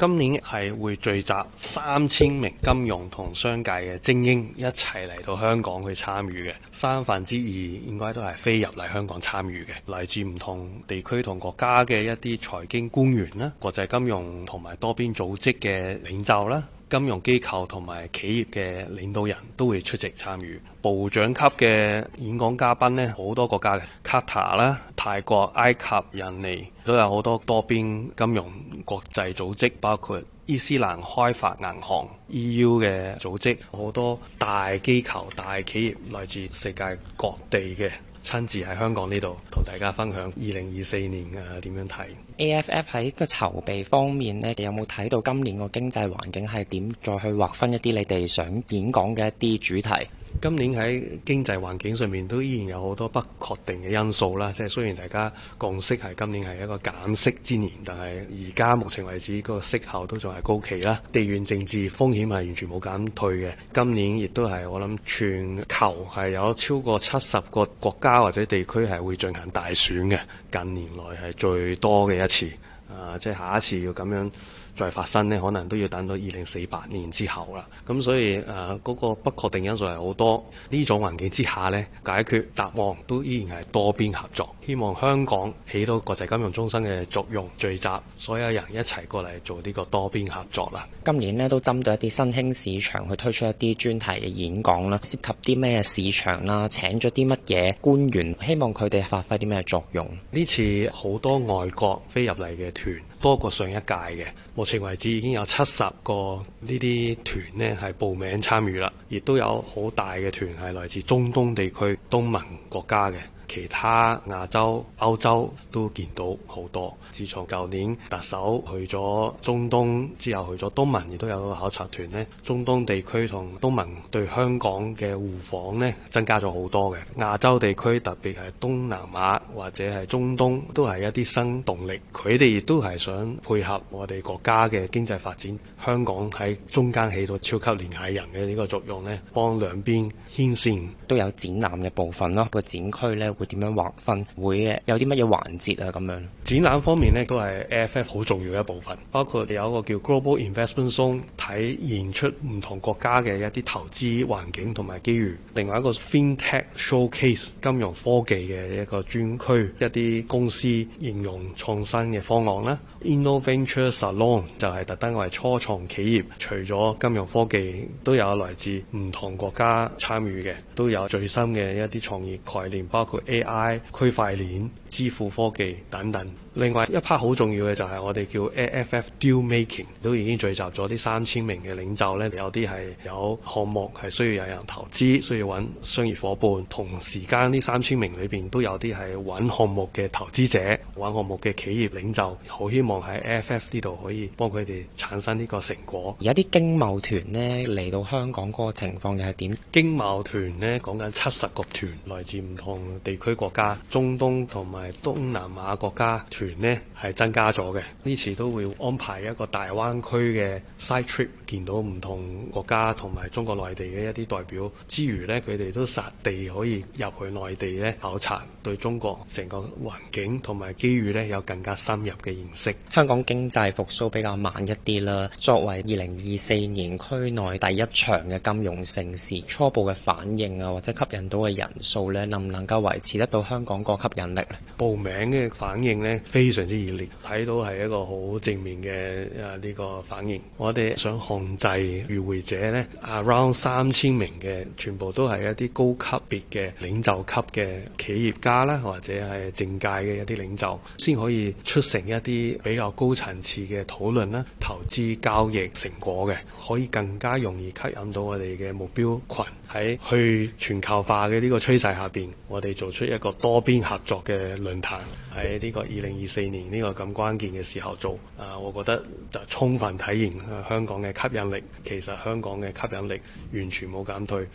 今年係會聚集三千名金融同商界嘅精英一齊嚟到香港去參與嘅，三分之二應該都係飛入嚟香港參與嘅，嚟自唔同地區同國家嘅一啲財經官員啦，國際金融同埋多邊組織嘅領袖啦。金融機構同埋企業嘅領導人都會出席參與，部長級嘅演講嘉賓呢，好多國家嘅卡塔爾、泰國、埃及、印尼都有，好多多邊金融國際組織，包括伊斯蘭開發銀行、EU 嘅組織，好多大機構、大企業來自世界各地嘅。親自喺香港呢度同大家分享二零二四年啊點樣睇？A F F 喺個籌備方面呢，有冇睇到今年個經濟環境係點？再去劃分一啲你哋想演講嘅一啲主題？今年喺經濟環境上面都依然有好多不確定嘅因素啦，即係雖然大家共識係今年係一個減息之年，但係而家目前為止嗰個息效都仲係高企啦。地緣政治風險係完全冇減退嘅。今年亦都係我諗全球係有超過七十個國家或者地區係會進行大選嘅，近年來係最多嘅一次。啊，即係下一次要咁樣。再發生呢，可能都要等到二零四八年之後啦。咁所以誒，嗰個不確定因素係好多。呢種環境之下呢，解決答案都依然係多邊合作。希望香港起到國際金融中心嘅作用，聚集所有人一齊過嚟做呢個多邊合作啦。今年呢，都針對一啲新興市場去推出一啲專題嘅演講啦，涉及啲咩市場啦，請咗啲乜嘢官員，希望佢哋發揮啲咩作用。呢次好多外國飛入嚟嘅團，多過上一屆嘅，目前為止已經有七十個呢啲團呢係報名參與啦，亦都有好大嘅團係來自中東地區東盟國家嘅。其他亞洲、歐洲都見到好多。自從舊年特首去咗中東之後去咗東盟，亦都有個考察團咧。中東地區同東盟對香港嘅互訪咧，增加咗好多嘅。亞洲地區特別係東南亞或者係中東都係一啲新動力。佢哋亦都係想配合我哋國家嘅經濟發展，香港喺中間起到超級聯繫人嘅呢個作用咧，幫兩邊牽線，都有展覽嘅部分咯。個展區咧。會點樣劃分？會誒有啲乜嘢環節啊？咁樣展覽方面咧，都係 AFF 好重要嘅一部分，包括有一個叫 Global Investment Zone，體現出唔同國家嘅一啲投資環境同埋機遇；另外一個 FinTech Showcase，金融科技嘅一個專區，一啲公司應用創新嘅方案啦。InnoVenture Salon 就係特登為初創企業，除咗金融科技，都有來自唔同國家參與嘅，都有最新嘅一啲創業概念，包括 AI、區塊鏈。支付科技等等，另外一 part 好重要嘅就係我哋叫 AFF Deal Making，都已經聚集咗啲三千名嘅領袖咧，有啲係有項目係需要有人投資，需要揾商業夥伴。同時間呢三千名裏邊都有啲係揾項目嘅投資者，揾項目嘅企業領袖，好希望喺 AFF 呢度可以幫佢哋產生呢個成果。而家啲經貿團咧嚟到香港個情況又係點？經貿團咧講緊七十個團來自唔同地區國家、中東同埋，東南亞國家團呢係增加咗嘅，呢次都會安排一個大灣區嘅 side trip。見到唔同國家同埋中國內地嘅一啲代表之餘呢，佢哋都實地可以入去內地呢考察，對中國成個環境同埋機遇呢，有更加深入嘅認識。香港經濟復甦比較慢一啲啦，作為二零二四年區內第一場嘅金融盛事，初步嘅反應啊，或者吸引到嘅人數呢，能唔能夠維持得到香港個吸引力呢？報名嘅反應呢，非常之熱烈，睇到係一個好正面嘅誒呢個反應。我哋想看。制與會者呢 around 三千名嘅，全部都係一啲高級別嘅領袖級嘅企業家啦，或者係政界嘅一啲領袖，先可以出成一啲比較高層次嘅討論啦，投資交易成果嘅，可以更加容易吸引到我哋嘅目標群。喺去全球化嘅呢個趨勢下邊，我哋做出一個多邊合作嘅論壇。喺呢個二零二四年呢個咁關鍵嘅時候做啊，我覺得就充分體現香港嘅吸引力。其實香港嘅吸引力完全冇減退。